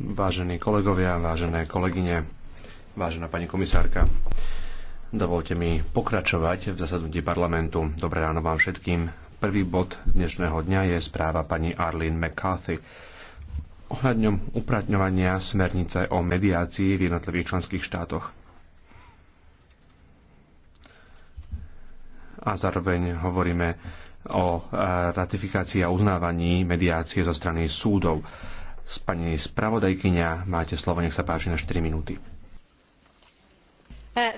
vážení kolegovia, vážené kolegyne, vážená pani komisárka. Dovolte mi pokračovať v zasadnutí parlamentu. Dobré ráno vám všetkým. Prvý bod dnešného dňa je správa pani Arlene McCarthy ohľadňom upratňovania smernice o mediácii v jednotlivých členských štátoch. A zároveň hovoríme o eh, ratifikácii a uznávaní mediácie zo strany súdov. Pani spravodajkyňa, máte slovo, nech sa páči na 4 minúty. Uh,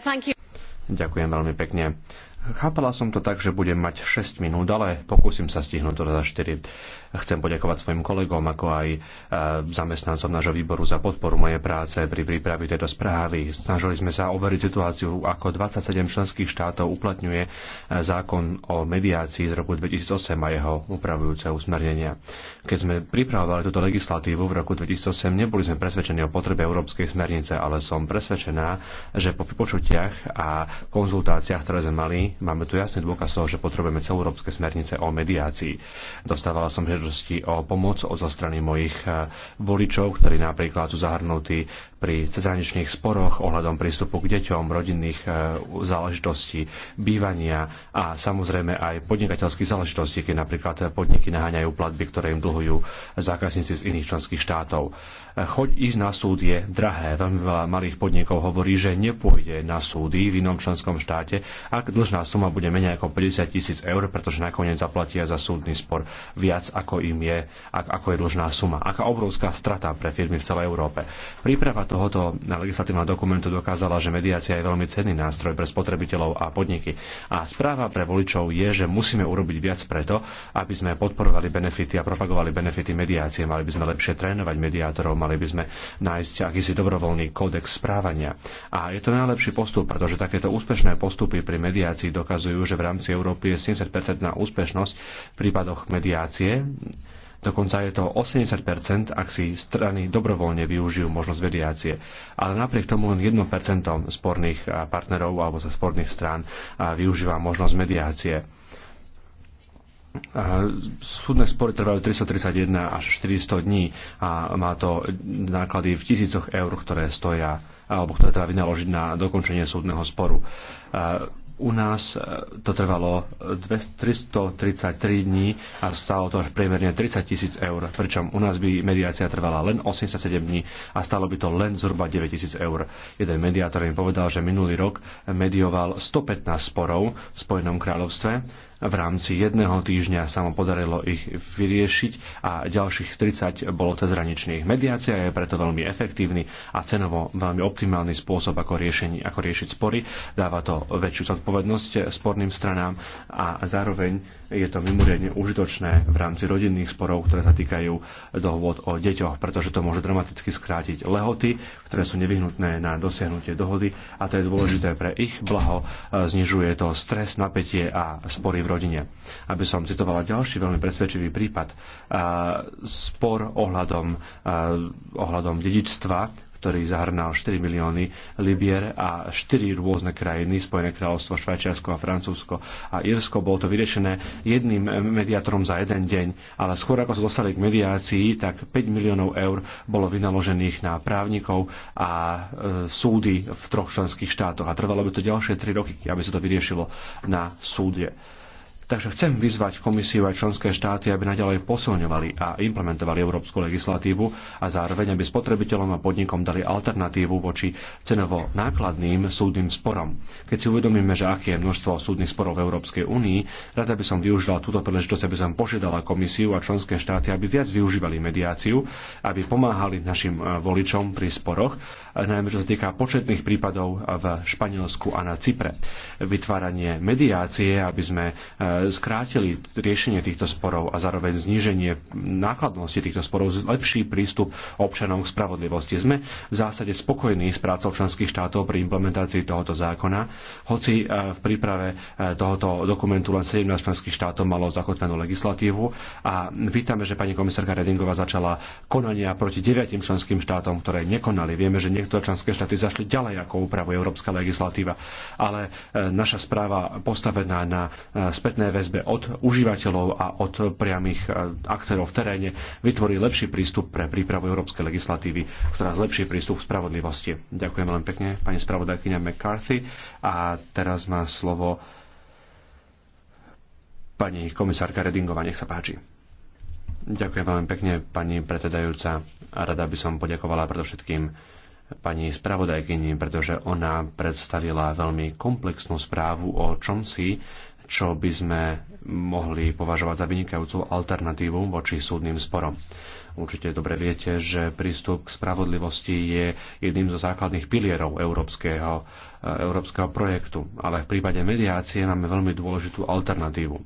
Ďakujem veľmi pekne. Chápala som to tak, že budem mať 6 minút, ale pokúsim sa stihnúť to za 4. Chcem poďakovať svojim kolegom, ako aj e, zamestnancom nášho výboru za podporu mojej práce pri príprave tejto správy. Snažili sme sa overiť situáciu, ako 27 členských štátov uplatňuje e, zákon o mediácii z roku 2008 a jeho upravujúce usmernenia. Keď sme pripravovali túto legislatívu v roku 2008, neboli sme presvedčení o potrebe európskej smernice, ale som presvedčená, že po vypočutiach a konzultáciách, ktoré sme mali, máme tu jasný dôkaz toho, že potrebujeme celoeurópske smernice o mediácii. Dostávala som žiadosti o pomoc zo strany mojich e, voličov, ktorí napríklad sú zahrnutí pri cezhraničných sporoch ohľadom prístupu k deťom, rodinných e, záležitostí, bývania a samozrejme aj podnikateľských záležitostí, keď napríklad podniky naháňajú platby, ktoré im dlhujú zákazníci z iných členských štátov. E, choď ísť na súd je drahé. Veľmi veľa malých podnikov hovorí, že nepôjde na súdy v inom členskom štáte, ak dlžná suma bude menej ako 50 tisíc eur, pretože nakoniec zaplatia za súdny spor viac ako ako im je, ako je dlžná suma. Aká obrovská strata pre firmy v celej Európe. Príprava tohoto legislatívneho dokumentu dokázala, že mediácia je veľmi cenný nástroj pre spotrebiteľov a podniky. A správa pre voličov je, že musíme urobiť viac preto, aby sme podporovali benefity a propagovali benefity mediácie. Mali by sme lepšie trénovať mediátorov, mali by sme nájsť akýsi dobrovoľný kódex správania. A je to najlepší postup, pretože takéto úspešné postupy pri mediácii dokazujú, že v rámci Európy je 70% na úspešnosť v prípadoch mediácie Dokonca je to 80%, ak si strany dobrovoľne využijú možnosť mediácie. Ale napriek tomu len 1% sporných partnerov alebo zo sporných strán využíva možnosť mediácie. Súdne spory trvajú 331 až 400 dní a má to náklady v tisícoch eur, ktoré stoja alebo ktoré treba vynaložiť na dokončenie súdneho sporu. U nás e, to trvalo 333 e, dní a stalo to až priemerne 30 tisíc eur, pričom u nás by mediácia trvala len 87 dní a stalo by to len zhruba 9 tisíc eur. Jeden mediátor im povedal, že minulý rok medioval 115 sporov v Spojenom kráľovstve v rámci jedného týždňa sa mu podarilo ich vyriešiť a ďalších 30 bolo hraničných. Mediácia je preto veľmi efektívny a cenovo veľmi optimálny spôsob, ako, riešenie, ako riešiť spory. Dáva to väčšiu zodpovednosť sporným stranám a zároveň je to mimoriadne užitočné v rámci rodinných sporov, ktoré sa týkajú dohôd o deťoch, pretože to môže dramaticky skrátiť lehoty, ktoré sú nevyhnutné na dosiahnutie dohody a to je dôležité pre ich blaho. Znižuje to stres, napätie a spory v v rodine. Aby som citovala ďalší veľmi presvedčivý prípad, spor ohľadom, ohľadom dedičstva ktorý zahrnal 4 milióny libier a 4 rôzne krajiny, Spojené kráľovstvo, Švajčiarsko a Francúzsko a Irsko, Bolo to vyriešené jedným mediátorom za jeden deň, ale skôr ako sa dostali k mediácii, tak 5 miliónov eur bolo vynaložených na právnikov a e, súdy v troch členských štátoch a trvalo by to ďalšie 3 roky, aby sa to vyriešilo na súde. Takže chcem vyzvať komisiu aj členské štáty, aby naďalej posilňovali a implementovali európsku legislatívu a zároveň aby spotrebiteľom a podnikom dali alternatívu voči cenovo nákladným súdnym sporom. Keď si uvedomíme, že aké je množstvo súdnych sporov v Európskej únii, rada by som využila túto príležitosť, aby som požiadala komisiu a členské štáty, aby viac využívali mediáciu, aby pomáhali našim e, voličom pri sporoch, najmä čo sa týka početných prípadov v Španielsku a na Cypre. Vytváranie mediácie, aby sme e, skrátili riešenie týchto sporov a zároveň zníženie nákladnosti týchto sporov lepší prístup občanov k spravodlivosti. Sme v zásade spokojní s prácou členských štátov pri implementácii tohoto zákona, hoci e, v príprave e, tohoto dokumentu len 17 členských štátov malo zakotvenú legislatívu a vítame, že pani komisárka Redingová začala konania proti 9 členským štátom, ktoré nekonali. Vieme, že niektoré členské štáty zašli ďalej, ako upravuje európska legislatíva, ale e, naša správa postavená na spätné spätnej väzbe od užívateľov a od priamých e, aktérov v teréne vytvorí lepší prístup pre prípravu európskej legislatívy, ktorá zlepší prístup k spravodlivosti. Ďakujem veľmi pekne pani spravodajkyňa McCarthy a teraz má slovo pani komisárka Redingová. Nech sa páči. Ďakujem veľmi pekne, pani predsedajúca. Rada by som poďakovala predovšetkým pani spravodajkyni, pretože ona predstavila veľmi komplexnú správu o čomsi, čo by sme mohli považovať za vynikajúcu alternatívu voči súdnym sporom. Určite dobre viete, že prístup k spravodlivosti je jedným zo základných pilierov európskeho, európskeho projektu, ale v prípade mediácie máme veľmi dôležitú alternatívu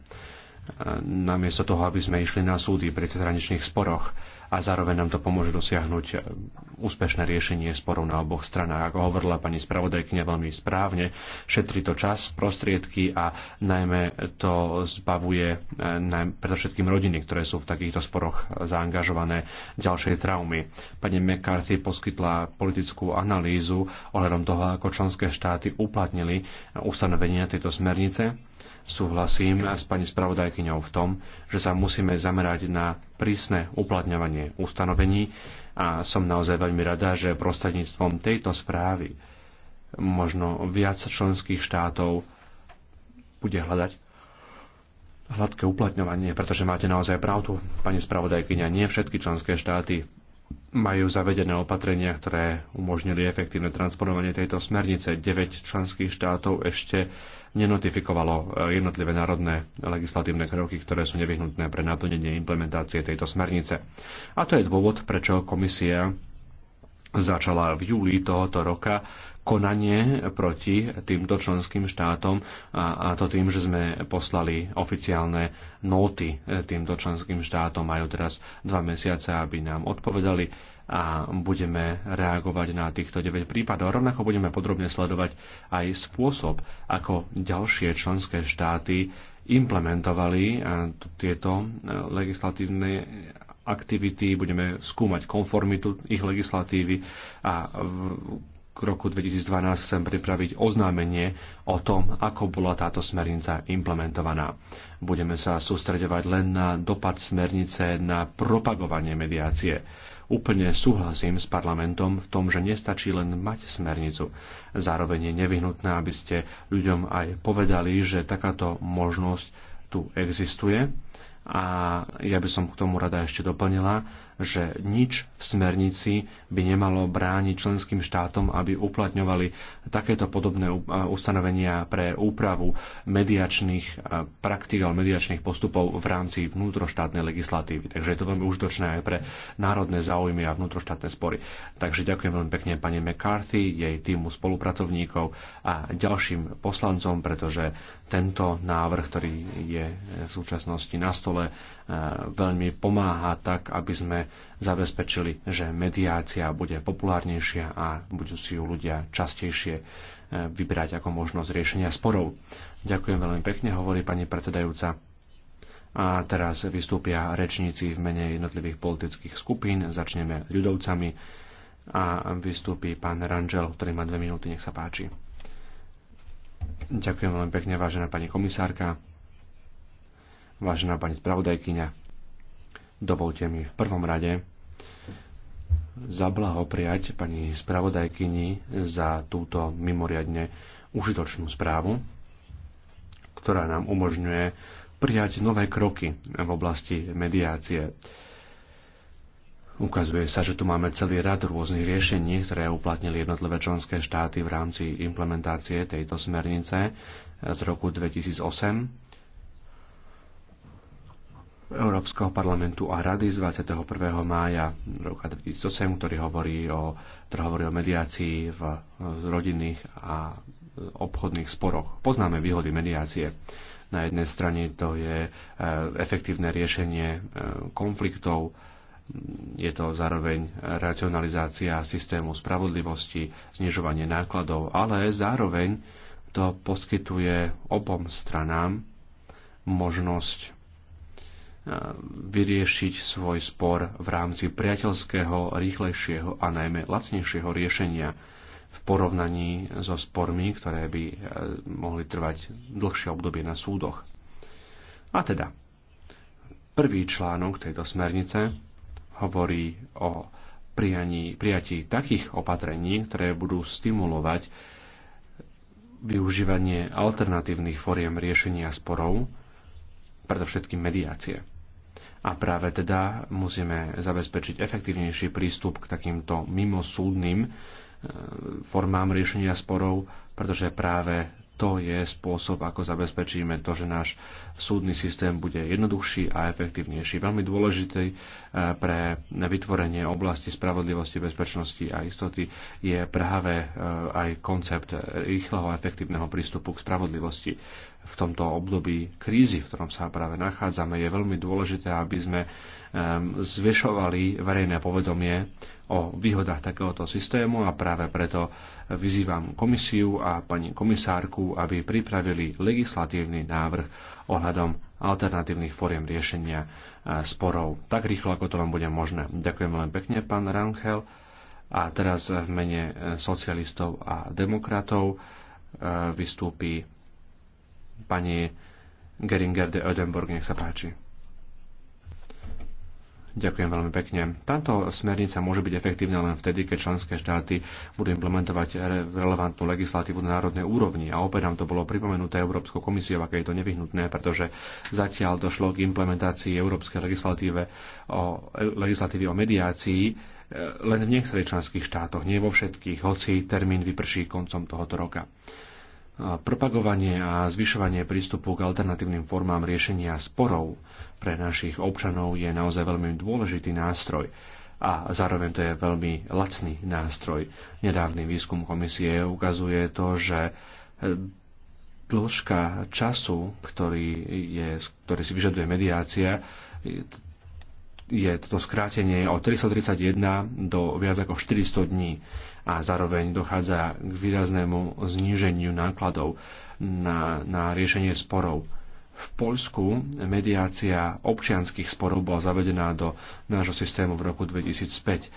namiesto toho, aby sme išli na súdy pri cezhraničných sporoch a zároveň nám to pomôže dosiahnuť e, úspešné riešenie sporov na oboch stranách. Ako hovorila pani spravodajkynia veľmi správne, šetrí to čas, prostriedky a najmä to zbavuje e, najmä predovšetkým rodiny, ktoré sú v takýchto sporoch zaangažované ďalšej traumy. Pani McCarthy poskytla politickú analýzu ohľadom toho, ako členské štáty uplatnili ustanovenia tejto smernice súhlasím s pani spravodajkyňou v tom, že sa musíme zamerať na prísne uplatňovanie ustanovení a som naozaj veľmi rada, že prostredníctvom tejto správy možno viac členských štátov bude hľadať hladké uplatňovanie, pretože máte naozaj pravdu, pani spravodajkyňa, nie všetky členské štáty majú zavedené opatrenia, ktoré umožnili efektívne transponovanie tejto smernice. 9 členských štátov ešte nenotifikovalo eh, jednotlivé národné legislatívne kroky, ktoré sú nevyhnutné pre naplnenie implementácie tejto smernice. A to je dôvod, prečo komisia začala v júli tohoto roka konanie proti týmto členským štátom a, a to tým, že sme poslali oficiálne nóty e, týmto členským štátom. Majú teraz dva mesiace, aby nám odpovedali a budeme reagovať na týchto 9 prípadov. A rovnako budeme podrobne sledovať aj spôsob, ako ďalšie členské štáty implementovali e, tieto e, legislatívne aktivity, budeme skúmať konformitu ich legislatívy a v, k roku 2012 chcem pripraviť oznámenie o tom, ako bola táto smernica implementovaná. Budeme sa sústredovať len na dopad smernice na propagovanie mediácie. Úplne súhlasím s parlamentom v tom, že nestačí len mať smernicu. Zároveň je nevyhnutné, aby ste ľuďom aj povedali, že takáto možnosť tu existuje a ja by som k tomu rada ešte doplnila, že nič v smernici by nemalo brániť členským štátom, aby uplatňovali takéto podobné ustanovenia pre úpravu mediačných praktík alebo mediačných postupov v rámci vnútroštátnej legislatívy. Takže je to veľmi užitočné aj pre národné záujmy a vnútroštátne spory. Takže ďakujem veľmi pekne pani McCarthy, jej týmu spolupracovníkov a ďalším poslancom, pretože tento návrh, ktorý je v súčasnosti na stole, veľmi pomáha tak, aby sme zabezpečili, že mediácia bude populárnejšia a budú si ju ľudia častejšie e, vybrať ako možnosť riešenia sporov. Ďakujem veľmi pekne, hovorí pani predsedajúca. A teraz vystúpia rečníci v mene jednotlivých politických skupín. Začneme ľudovcami a vystúpi pán Rangel, ktorý má dve minúty, nech sa páči. Ďakujem veľmi pekne, vážená pani komisárka. Vážená pani spravodajkyňa, dovolte mi v prvom rade zablahopriať pani spravodajkyni za túto mimoriadne užitočnú správu, ktorá nám umožňuje prijať nové kroky v oblasti mediácie. Ukazuje sa, že tu máme celý rad rôznych riešení, ktoré uplatnili jednotlivé členské štáty v rámci implementácie tejto smernice z roku 2008 Európskeho parlamentu a rady z 21. mája roka 2008, ktorý hovorí o, ktorý hovorí o mediácii v rodinných a obchodných sporoch. Poznáme výhody mediácie. Na jednej strane to je e, efektívne riešenie e, konfliktov, je to zároveň racionalizácia systému spravodlivosti, znižovanie nákladov, ale zároveň to poskytuje obom stranám možnosť vyriešiť svoj spor v rámci priateľského, rýchlejšieho a najmä lacnejšieho riešenia v porovnaní so spormi, ktoré by e, mohli trvať dlhšie obdobie na súdoch. A teda, prvý článok tejto smernice hovorí o prijaní, prijatí takých opatrení, ktoré budú stimulovať využívanie alternatívnych foriem riešenia sporov, predovšetkým mediácie. A práve teda musíme zabezpečiť efektívnejší prístup k takýmto mimosúdnym e, formám riešenia sporov, pretože práve to je spôsob, ako zabezpečíme to, že náš súdny systém bude jednoduchší a efektívnejší. Veľmi dôležitý e, pre vytvorenie oblasti spravodlivosti, bezpečnosti a istoty je práve e, aj koncept rýchleho a efektívneho prístupu k spravodlivosti v tomto období krízy, v ktorom sa práve nachádzame, je veľmi dôležité, aby sme zvyšovali verejné povedomie o výhodách takéhoto systému a práve preto vyzývam komisiu a pani komisárku, aby pripravili legislatívny návrh ohľadom alternatívnych fóriem riešenia e, sporov tak rýchlo, ako to vám bude možné. Ďakujem len pekne, pán Ranchel. A teraz v mene e, socialistov a demokratov e, vystúpi Pani Geringer de Ödenburg, nech sa páči. Ďakujem veľmi pekne. Táto smernica môže byť efektívna len vtedy, keď členské štáty budú implementovať relevantnú legislatívu na národnej úrovni. A opäť nám to bolo pripomenuté Európskou komisiou, aké je to nevyhnutné, pretože zatiaľ došlo k implementácii európskej legislatíve o, legislatívy o mediácii e, len v niektorých členských štátoch, nie vo všetkých, hoci termín vyprší koncom tohoto roka propagovanie a zvyšovanie prístupu k alternatívnym formám riešenia sporov pre našich občanov je naozaj veľmi dôležitý nástroj a zároveň to je veľmi lacný nástroj. Nedávny výskum komisie ukazuje to, že e, dĺžka času, ktorý, je, ktorý si vyžaduje mediácia, je toto skrátenie od 331 do viac ako 400 dní a zároveň dochádza k výraznému zníženiu nákladov na, na riešenie sporov. V Poľsku mediácia občianských sporov bola zavedená do nášho systému v roku 2005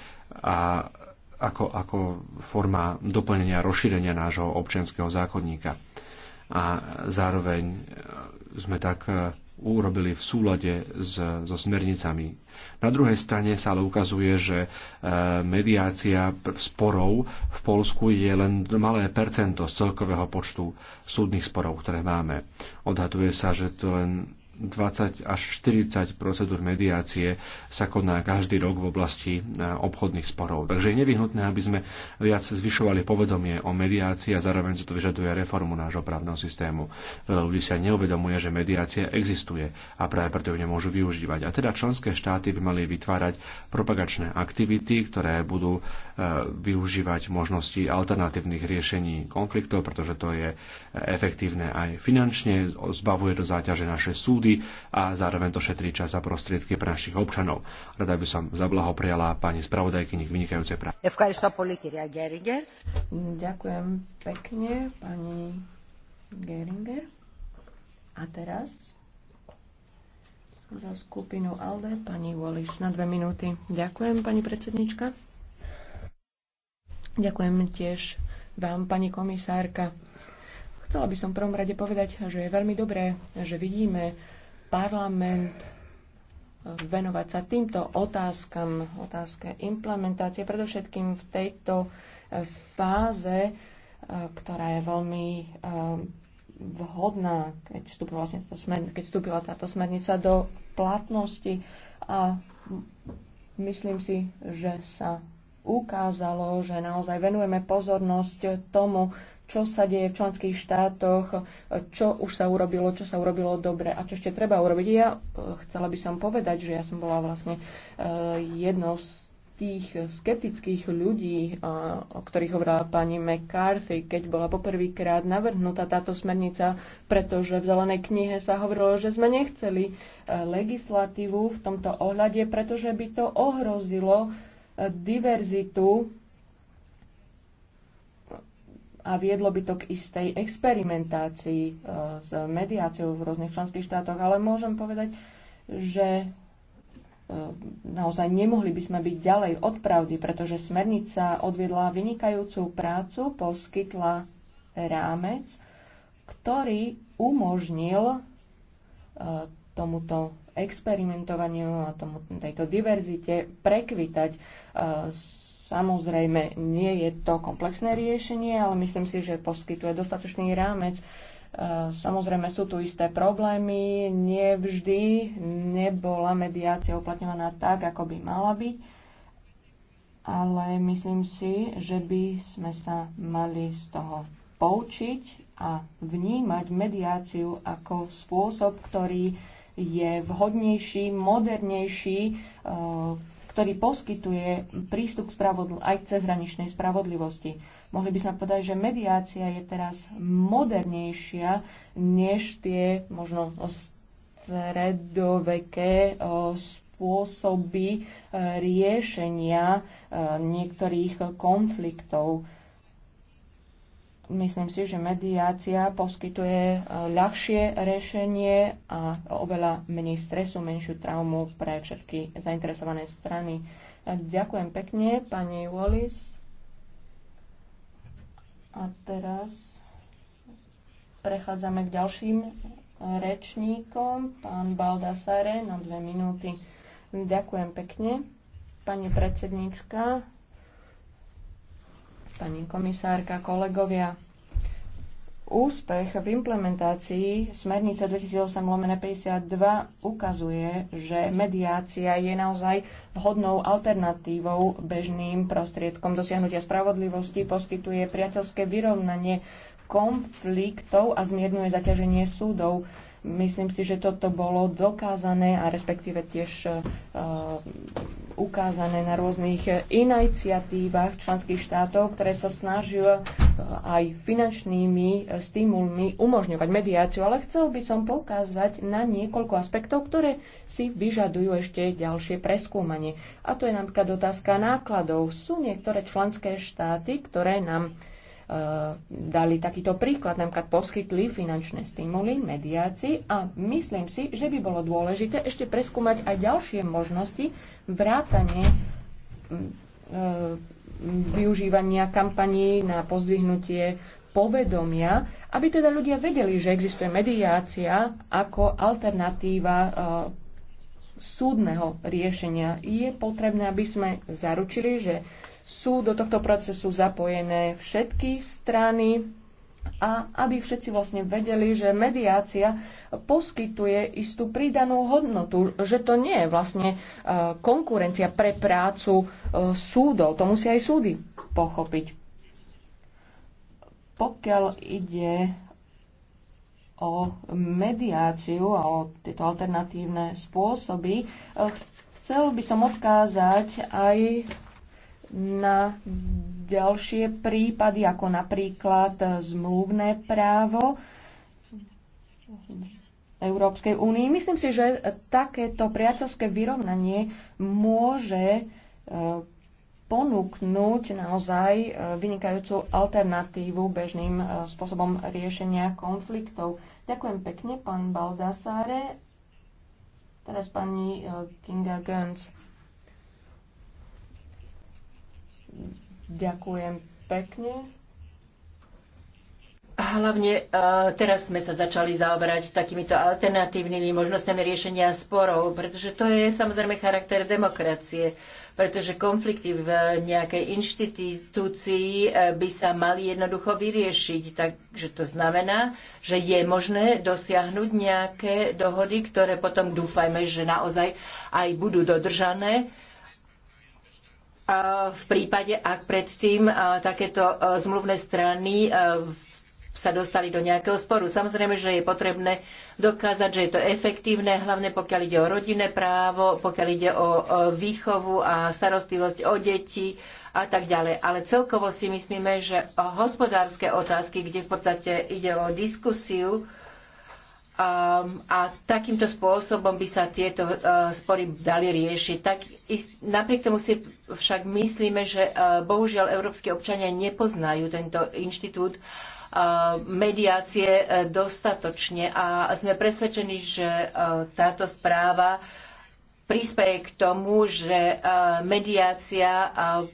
a ako, ako forma doplnenia, rozšírenia nášho občianského zákonníka. A zároveň sme tak e, urobili v súlade s, so smernicami. Na druhej strane sa ale ukazuje, že e, mediácia sporov v Polsku je len malé percento z celkového počtu súdnych sporov, ktoré máme. Odhaduje sa, že to len 20 až 40 procedúr mediácie sa koná každý rok v oblasti e, obchodných sporov. Takže je nevyhnutné, aby sme viac zvyšovali povedomie o mediácii a zároveň sa to vyžaduje reformu nášho právneho systému. Veľa ľudí sa neuvedomuje, že mediácia existuje a práve preto ju nemôžu využívať. A teda členské štáty by mali vytvárať propagačné aktivity, ktoré budú e, využívať možnosti alternatívnych riešení konfliktov, pretože to je e, efektívne aj finančne, zbavuje do záťaže naše súdy súdy a zároveň to šetrí čas a prostriedky pre našich občanov. Rada by som zablahopriala pani spravodajkyni k vynikajúcej práci. Ďakujem pekne, pani Geringer. A teraz za skupinu ALDE pani Wallis na dve minúty. Ďakujem, pani predsednička. Ďakujem tiež vám, pani komisárka. Chcela by som prvom rade povedať, že je veľmi dobré, že vidíme parlament eh, venovať sa týmto otázkam, otázke implementácie, predovšetkým v tejto eh, fáze, eh, ktorá je veľmi vhodná, keď vstúpila, vlastne táto, smer, keď vstúpila táto smernica do platnosti a myslím si, že sa ukázalo, že naozaj venujeme pozornosť tomu, čo sa deje v členských štátoch, čo už sa urobilo, čo sa urobilo dobre a čo ešte treba urobiť. Ja e, chcela by som povedať, že ja som bola vlastne e, jednou z tých skeptických ľudí, e, o ktorých hovorila pani McCarthy, keď bola poprvýkrát navrhnutá táto smernica, pretože v zelenej knihe sa hovorilo, že sme nechceli legislatívu v tomto ohľade, pretože by to ohrozilo diverzitu a viedlo by to k istej experimentácii e, s mediáciou v rôznych členských štátoch, ale môžem povedať, že e, naozaj nemohli by sme byť ďalej od pravdy, pretože smernica odviedla vynikajúcu prácu, poskytla rámec, ktorý umožnil e, tomuto experimentovaniu a tomu, tejto diverzite prekvitať. Samozrejme, nie je to komplexné riešenie, ale myslím si, že poskytuje dostatočný rámec. E, samozrejme, sú tu isté problémy. Nevždy vždy nebola mediácia uplatňovaná tak, ako by mala byť. Ale myslím si, že by sme sa mali z toho poučiť a vnímať mediáciu ako spôsob, ktorý je vhodnejší, modernejší, e, ktorý poskytuje prístup spravodl- aj k cezhraničnej spravodlivosti. Mohli by sme povedať, že mediácia je teraz modernejšia než tie možno stredoveké e, spôsoby e, riešenia e, niektorých konfliktov Myslím si, že mediácia poskytuje e, ľahšie riešenie a oveľa menej stresu, menšiu traumu pre všetky zainteresované strany. E, ďakujem pekne, pani Wallis. A teraz prechádzame k ďalším rečníkom. Pán Baldasare na dve minúty. Ďakujem pekne. Pani predsednička, pani komisárka, kolegovia. Úspech v implementácii smernice 2008-52 ukazuje, že mediácia je naozaj vhodnou alternatívou bežným prostriedkom dosiahnutia spravodlivosti, poskytuje priateľské vyrovnanie konfliktov a zmierňuje zaťaženie súdov. Myslím si, že toto bolo dokázané a respektíve tiež uh, ukázané na rôznych e, iniciatívach členských štátov, ktoré sa snažia e, aj finančnými e, stimulmi umožňovať mediáciu. Ale chcel by som poukázať na niekoľko aspektov, ktoré si vyžadujú ešte ďalšie preskúmanie. A to je napríklad otázka nákladov. Sú niektoré členské štáty, ktoré nám Eh, dali takýto príklad, napríklad poskytli finančné stimuly mediácii a myslím si, že by bolo dôležité ešte preskúmať aj ďalšie možnosti vrátane mm, eh, využívania kampaní na pozdvihnutie povedomia, aby teda ľudia vedeli, že existuje mediácia ako alternatíva eh, súdneho riešenia. Je potrebné, aby sme zaručili, že sú do tohto procesu zapojené všetky strany a aby všetci vlastne vedeli, že mediácia poskytuje istú pridanú hodnotu, že to nie je vlastne e, konkurencia pre prácu e, súdov. To musia aj súdy pochopiť. Pokiaľ ide o mediáciu a o tieto alternatívne spôsoby, e, chcel by som odkázať aj na ďalšie prípady, ako napríklad zmluvné právo Európskej únii. Myslím si, že takéto priateľské vyrovnanie môže e, ponúknuť naozaj e, vynikajúcu alternatívu bežným e, spôsobom riešenia konfliktov. Ďakujem pekne, pán Baldassare. Teraz pani Kinga Gönz. Ďakujem pekne. Hlavne e, teraz sme sa začali zaoberať takýmito alternatívnymi možnosťami riešenia sporov, pretože to je samozrejme charakter demokracie, pretože konflikty v nejakej inštitúcii e, by sa mali jednoducho vyriešiť. Takže to znamená, že je možné dosiahnuť nejaké dohody, ktoré potom dúfajme, že naozaj aj budú dodržané v prípade, ak predtým takéto zmluvné strany sa dostali do nejakého sporu. Samozrejme, že je potrebné dokázať, že je to efektívne, hlavne pokiaľ ide o rodinné právo, pokiaľ ide o výchovu a starostlivosť o deti a tak ďalej. Ale celkovo si myslíme, že hospodárske otázky, kde v podstate ide o diskusiu, Um, a takýmto spôsobom by sa tieto uh, spory dali riešiť. Tak ist, napriek tomu si však myslíme, že uh, bohužiaľ európsky občania nepoznajú tento inštitút uh, mediácie uh, dostatočne a sme presvedčení, že uh, táto správa prispieje k tomu, že uh, mediácia uh,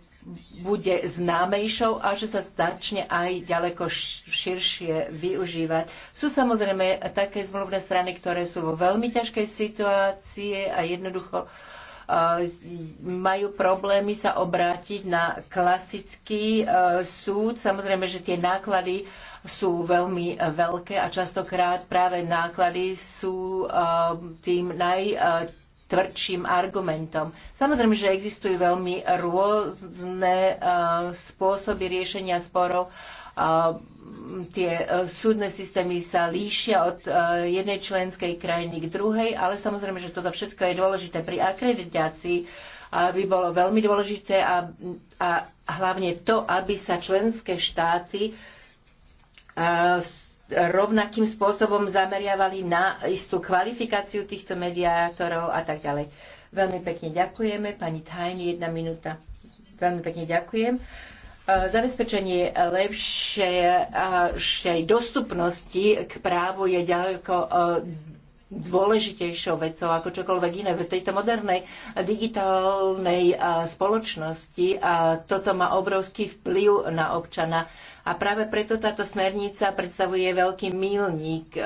bude známejšou a že sa začne aj ďaleko širšie využívať. Sú samozrejme také zmluvné strany, ktoré sú vo veľmi ťažkej situácii a jednoducho majú problémy sa obrátiť na klasický e, súd. Samozrejme, že tie náklady sú veľmi veľké a častokrát práve náklady sú e, tým naj e, tvrdším argumentom. Samozrejme, že existujú veľmi rôzne e, spôsoby riešenia sporov. E, tie e, súdne systémy sa líšia od jednej členskej krajiny k druhej, ale samozrejme, že toto všetko je dôležité pri akreditácii aby bolo veľmi dôležité a, a hlavne to, aby sa členské štáty rovnakým spôsobom zameriavali na istú kvalifikáciu týchto mediátorov a tak ďalej. Veľmi pekne ďakujeme. Pani Tajn, jedna minúta. Veľmi pekne ďakujem. E, zabezpečenie lepšej dostupnosti k právu je ďaleko e, dôležitejšou vecou ako čokoľvek iné. V tejto modernej digitálnej e, spoločnosti toto má obrovský vplyv na občana a práve preto táto smernica predstavuje veľký mílnik, e,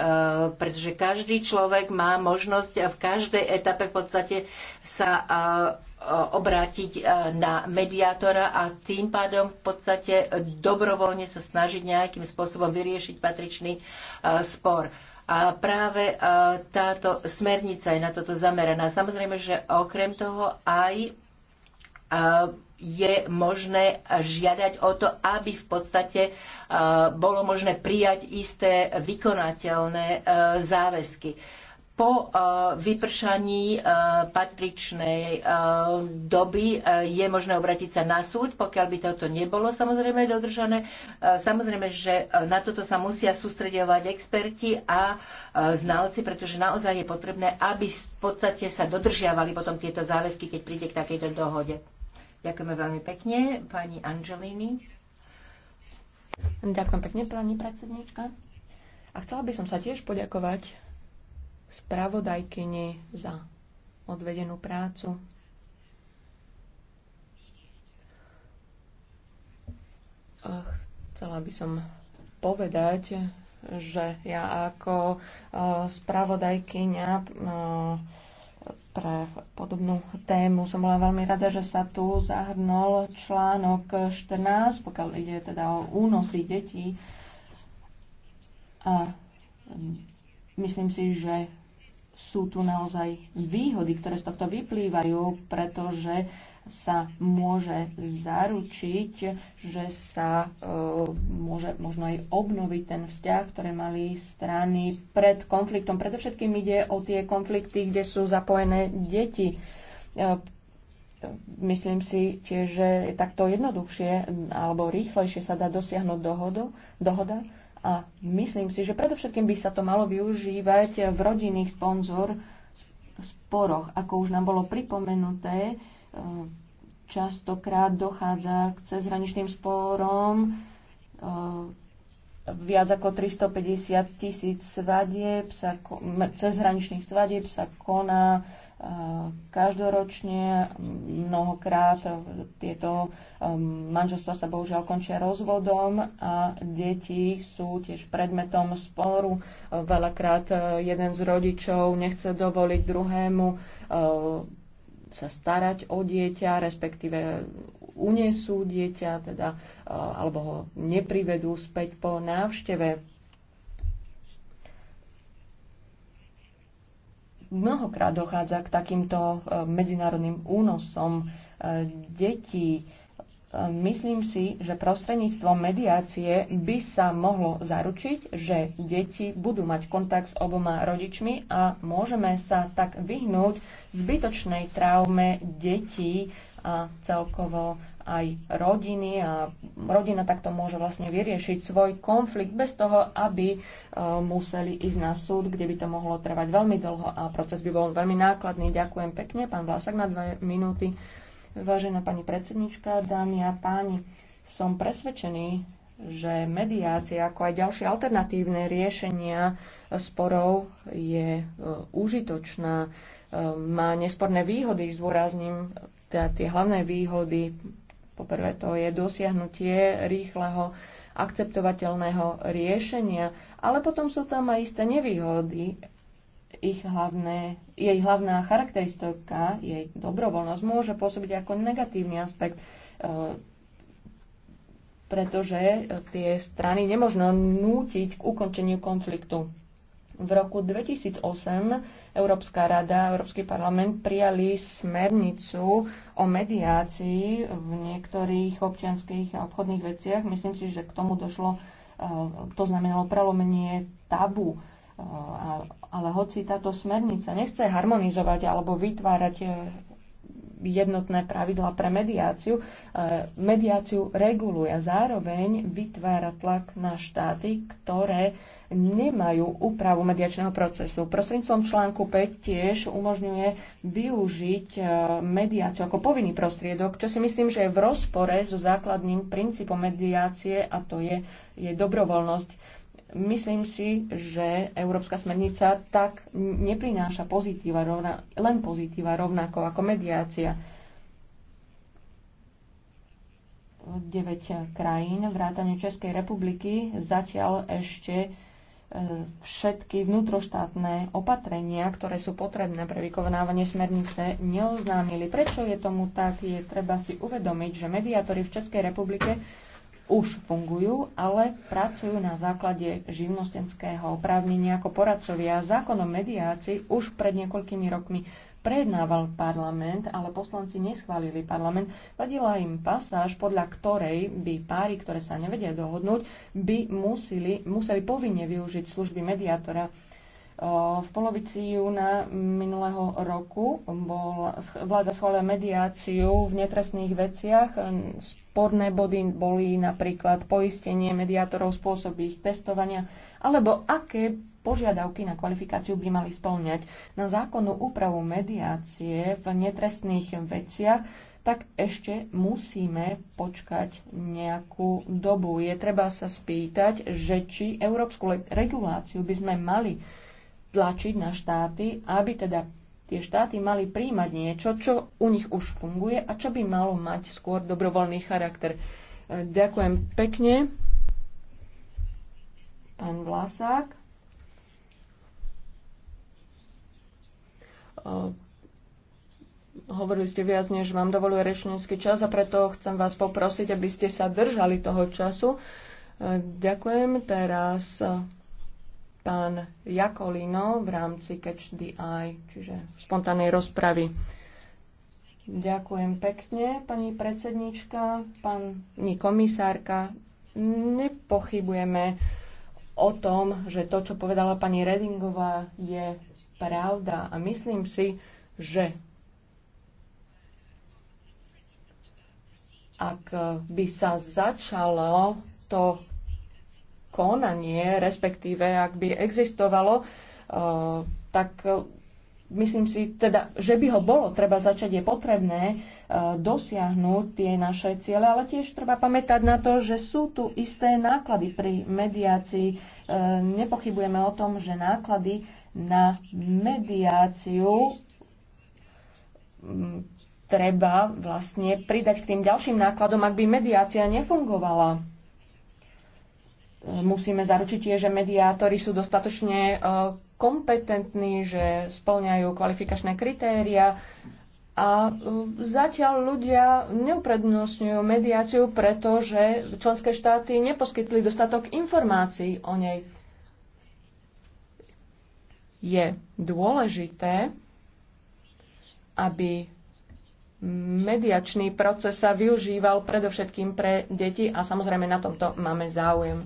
pretože každý človek má možnosť v každej etape v podstate sa e, e, obrátiť na mediátora a tým pádom v podstate dobrovoľne sa snažiť nejakým spôsobom vyriešiť patričný spor. A práve táto smernica je na toto zameraná. Samozrejme, že okrem toho aj je možné žiadať o to, aby v podstate e, bolo možné prijať isté vykonateľné e, záväzky. Po e, vypršaní patričnej doby je možné obratiť sa na súd, pokiaľ by toto nebolo samozrejme dodržané. Samozrejme, že na toto sa musia sústredovať experti a znalci, pretože naozaj je potrebné, aby v podstate sa dodržiavali potom tieto záväzky, keď príde k takejto dohode. Ďakujeme veľmi pekne, pani Angelini. Ďakujem pekne, pani predsednička. A chcela by som sa tiež poďakovať spravodajkyni za odvedenú prácu. A chcela by som povedať, že ja ako spravodajkyňa pre podobnú tému. Som bola veľmi rada, že sa tu zahrnul článok 14, pokiaľ ide teda o únosy detí. A myslím si, že sú tu naozaj výhody, ktoré z tohto vyplývajú, pretože sa môže zaručiť, že sa e, môže možno aj obnoviť ten vzťah, ktoré mali strany pred konfliktom. Predovšetkým ide o tie konflikty, kde sú zapojené deti. E, myslím si tiež, že je takto jednoduchšie alebo rýchlejšie sa dá dosiahnuť dohodu, dohoda. A myslím si, že predovšetkým by sa to malo využívať v rodinných sponzor sporoch, ako už nám bolo pripomenuté, Eh, častokrát dochádza k cezhraničným sporom eh, viac ako 350 tisíc svadieb sa, cezhraničných svadieb sa koná eh, každoročne, mnohokrát tieto manželstva sa bohužiaľ končia rozvodom a deti sú tiež predmetom sporu. Veľakrát jeden z rodičov nechce dovoliť druhému sa starať o dieťa, respektíve unesú dieťa, teda, e, alebo ho neprivedú späť po návšteve. Mnohokrát dochádza k takýmto e, medzinárodným únosom e, detí Myslím si, že prostredníctvom mediácie by sa mohlo zaručiť, že deti budú mať kontakt s oboma rodičmi a môžeme sa tak vyhnúť zbytočnej traume detí a celkovo aj rodiny a rodina takto môže vlastne vyriešiť svoj konflikt bez toho, aby e, museli ísť na súd, kde by to mohlo trvať veľmi dlho a proces by bol veľmi nákladný. Ďakujem pekne, pán Vlasak, na dve minúty. Vážená pani predsednička, dámy a páni, som presvedčený, že mediácia, ako aj ďalšie alternatívne riešenia sporov je e, užitočná, e, má nesporné výhody, zdôrazním teda tie hlavné výhody. Poprvé to je dosiahnutie rýchleho akceptovateľného riešenia, ale potom sú tam aj isté nevýhody, ich hlavné, jej hlavná charakteristika, jej dobrovoľnosť, môže pôsobiť ako negatívny aspekt, e, pretože e, tie strany nemožno nútiť k ukončeniu konfliktu. V roku 2008 Európska rada a Európsky parlament prijali smernicu o mediácii v niektorých občianských a obchodných veciach. Myslím si, že k tomu došlo, e, to znamenalo prelomenie tabu ale hoci táto smernica nechce harmonizovať alebo vytvárať e, jednotné pravidla pre mediáciu, e, mediáciu reguluje a zároveň vytvára tlak na štáty, ktoré nemajú úpravu mediačného procesu. Prostredníctvom článku 5 tiež umožňuje využiť e, mediáciu ako povinný prostriedok, čo si myslím, že je v rozpore so základným princípom mediácie a to je je dobrovoľnosť. Myslím si, že Európska smernica tak neprináša pozitíva, rovna, len pozitíva rovnako ako mediácia. 9 krajín, vrátane Českej republiky, zatiaľ ešte e, všetky vnútroštátne opatrenia, ktoré sú potrebné pre vykonávanie smernice, neoznámili. Prečo je tomu tak? Je treba si uvedomiť, že mediátori v Českej republike už fungujú, ale pracujú na základe živnostenského oprávnenia ako poradcovia. Zákonom mediácii už pred niekoľkými rokmi prejednával parlament, ale poslanci neschválili parlament. Vadila im pasáž, podľa ktorej by páry, ktoré sa nevedia dohodnúť, by museli, museli povinne využiť služby mediátora v polovici júna minulého roku bol, vláda schválila mediáciu v netrestných veciach. Sporné body boli napríklad poistenie mediátorov, spôsob ich testovania, alebo aké požiadavky na kvalifikáciu by mali spĺňať. Na zákonnú úpravu mediácie v netrestných veciach tak ešte musíme počkať nejakú dobu. Je treba sa spýtať, že či európsku reguláciu by sme mali tlačiť na štáty, aby teda tie štáty mali príjmať niečo, čo u nich už funguje a čo by malo mať skôr dobrovoľný charakter. E, ďakujem pekne. Pán Vlasák. E, hovorili ste viac, než vám dovoluje rečnícky čas a preto chcem vás poprosiť, aby ste sa držali toho času. E, ďakujem. Teraz pán Jakolino v rámci Catch the Eye, čiže spontánnej rozpravy. Ďakujem pekne, pani predsednička, pani komisárka. Nepochybujeme o tom, že to, čo povedala pani Redingová, je pravda. A myslím si, že ak by sa začalo to konanie, respektíve ak by existovalo, eh, tak myslím si teda, že by ho bolo treba začať, je potrebné eh, dosiahnuť tie naše ciele, ale tiež treba pamätať na to, že sú tu isté náklady pri mediácii. Eh, nepochybujeme o tom, že náklady na mediáciu mm, treba vlastne pridať k tým ďalším nákladom, ak by mediácia nefungovala Musíme zaručiť že mediátori sú dostatočne e, kompetentní, že splňajú kvalifikačné kritéria a e, zatiaľ ľudia neuprednostňujú mediáciu, pretože členské štáty neposkytli dostatok informácií o nej. Je dôležité, aby mediačný proces sa využíval predovšetkým pre deti a samozrejme na tomto máme záujem.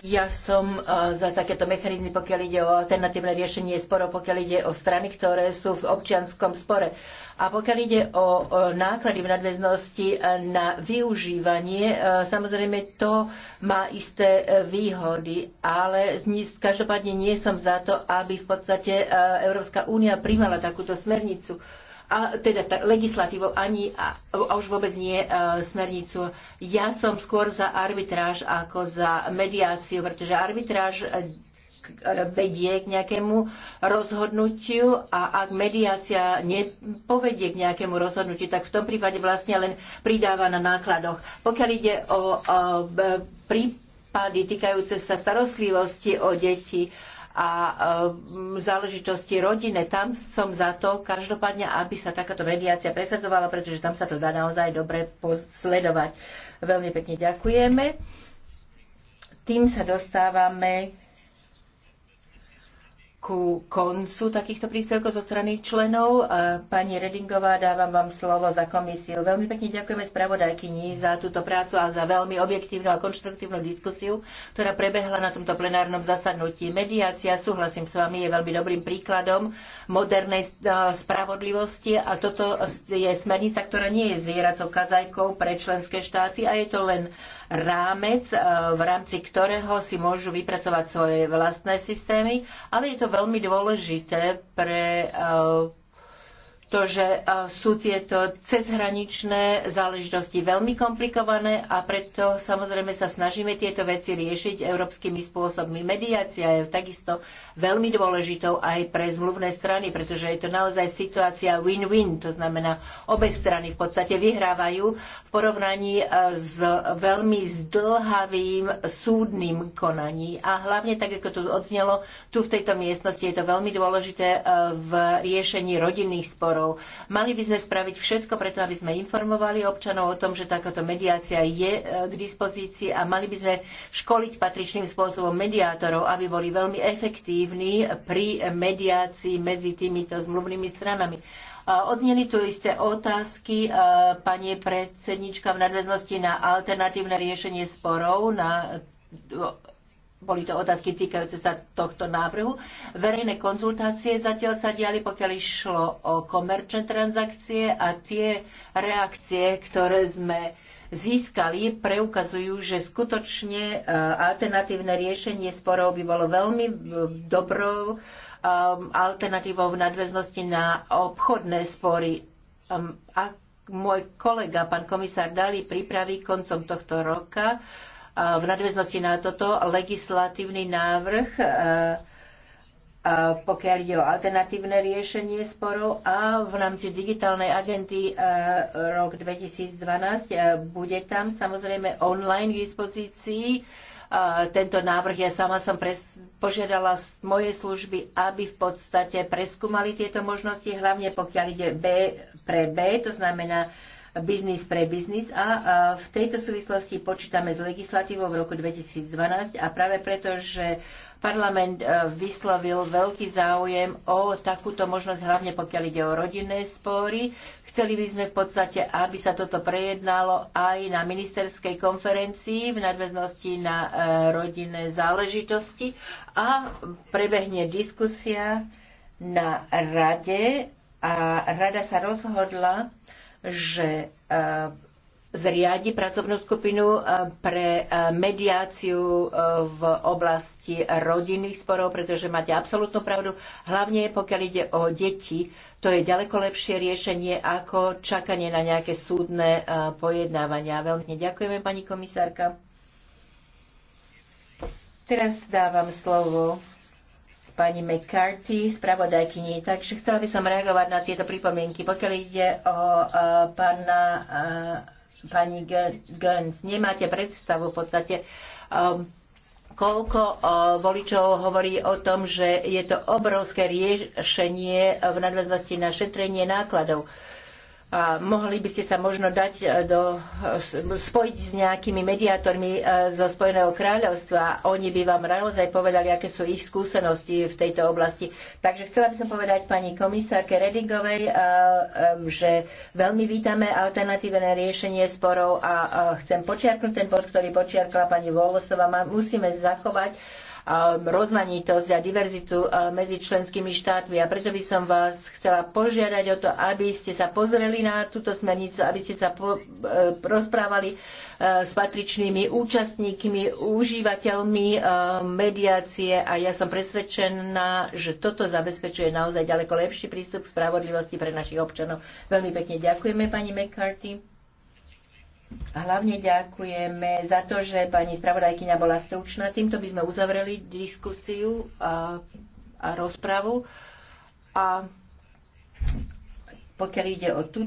Ja som eh, za takéto mechanizmy, pokiaľ ide o alternatívne riešenie sporov, pokiaľ ide o strany, ktoré sú v občianskom spore. A pokiaľ ide o náklady v nadväznosti eh, na využívanie, eh, samozrejme to má isté výhody, ale každopádne nie som za to, aby v podstate Európska únia príjmala takúto smernicu a, teda tá, legislatívou, ani a, a už vôbec nie e, smernicu. Ja som skôr za arbitráž ako za mediáciu, pretože arbitráž e, vedie k nejakému rozhodnutiu a ak mediácia nepovedie k nejakému rozhodnutiu, tak v tom prípade vlastne len pridáva na nákladoch. Pokiaľ ide o, o prípady týkajúce sa starostlivosti o deti, a um, záležitosti rodine. Tam som za to každopádne, aby sa takáto mediácia presadzovala, pretože tam sa to dá naozaj dobre posledovať. Veľmi pekne ďakujeme. Tým sa dostávame ku koncu takýchto príspevkov zo strany členov. Pani Redingová, dávam vám slovo za komisiu. Veľmi pekne ďakujeme spravodajkyni za túto prácu a za veľmi objektívnu a konštruktívnu diskusiu, ktorá prebehla na tomto plenárnom zasadnutí. Mediácia, súhlasím s vami, je veľmi dobrým príkladom modernej e, spravodlivosti a toto je smernica, ktorá nie je zvieracou kazajkou pre členské štáty a je to len rámec, e, v rámci ktorého si môžu vypracovať svoje vlastné systémy, ale je to veľmi dôležité pre e, pretože e, sú tieto cezhraničné záležitosti veľmi komplikované a preto samozrejme sa snažíme tieto veci riešiť európskymi spôsobmi. Mediácia je takisto veľmi dôležitou aj pre zmluvné strany, pretože je to naozaj situácia win-win, to znamená obe strany v podstate vyhrávajú v porovnaní e, s veľmi zdlhavým súdnym konaní. A hlavne, tak ako to odznelo, tu v tejto miestnosti je to veľmi dôležité e, v riešení rodinných sporov sporov. Mali by sme spraviť všetko preto, aby sme informovali občanov o tom, že takáto mediácia je e, k dispozícii a mali by sme školiť patričným spôsobom mediátorov, aby boli veľmi efektívni pri mediácii medzi týmito zmluvnými stranami. Odzneli tu isté otázky, e, pani predsednička, v nadväznosti na alternatívne riešenie sporov, na boli to otázky týkajúce sa tohto návrhu. Verejné konzultácie zatiaľ sa diali, pokiaľ išlo o komerčné transakcie a tie reakcie, ktoré sme získali, preukazujú, že skutočne e, alternatívne riešenie sporov by bolo veľmi e, dobrou e, alternatívou v nadväznosti na obchodné spory. A môj kolega, pán komisár Dali, pripraví koncom tohto roka v nadväznosti na toto legislatívny návrh e, pokiaľ ide o alternatívne riešenie sporov a v rámci digitálnej agenty e, rok 2012 e, bude tam samozrejme online k dispozícii tento návrh. Ja sama som pres, požiadala moje služby, aby v podstate preskúmali tieto možnosti, hlavne pokiaľ ide B pre B, to znamená biznis pre biznis a v tejto súvislosti počítame s legislatívou v roku 2012 a práve preto, že parlament e, vyslovil veľký záujem o takúto možnosť, hlavne pokiaľ ide o rodinné spory. Chceli by sme v podstate, aby sa toto prejednalo aj na ministerskej konferencii v nadväznosti na e, rodinné záležitosti a prebehne diskusia na rade a rada sa rozhodla, že eh, zriadi pracovnú skupinu eh, pre eh, mediáciu v oblasti rodinných sporov, pretože máte absolútnu pravdu. Hlavne pokiaľ ide o deti, to je ďaleko lepšie riešenie ako čakanie na nejaké súdne pojednávania. Veľmi ďakujeme, pani komisárka. Teraz dávam slovo pani McCarthy, spravodajkyni. Takže chcela by som reagovať na tieto pripomienky. Pokiaľ ide o uh, pána, uh, pani Gönz, nemáte predstavu v podstate, um, koľko uh, voličov hovorí o tom, že je to obrovské riešenie v nadväznosti na šetrenie nákladov. Uh, a mohli by ste sa možno dať e, do, e, spojiť s nejakými mediátormi e, zo Spojeného kráľovstva. Oni by vám naozaj povedali, aké sú ich skúsenosti v tejto oblasti. Takže chcela by som povedať pani komisárke Redingovej, že veľmi vítame alternatívne riešenie sporov a chcem počiarknúť ten bod, ktorý počiarkla pani Volosová. Musíme zachovať Um, rozmanitosť a diverzitu uh, medzi členskými štátmi. A preto by som vás chcela požiadať o to, aby ste sa pozreli na túto smernicu, aby ste sa po, uh, rozprávali uh, s patričnými účastníkmi, užívateľmi mediácie a ja som presvedčená, že toto zabezpečuje naozaj ďaleko lepší prístup k spravodlivosti pre našich občanov. Veľmi pekne ďakujeme pani McCarthy. Hlavne ďakujeme za to, že pani spravodajkyňa bola stručná. Týmto by sme uzavreli diskusiu a, a rozpravu. A pokiaľ ide o túto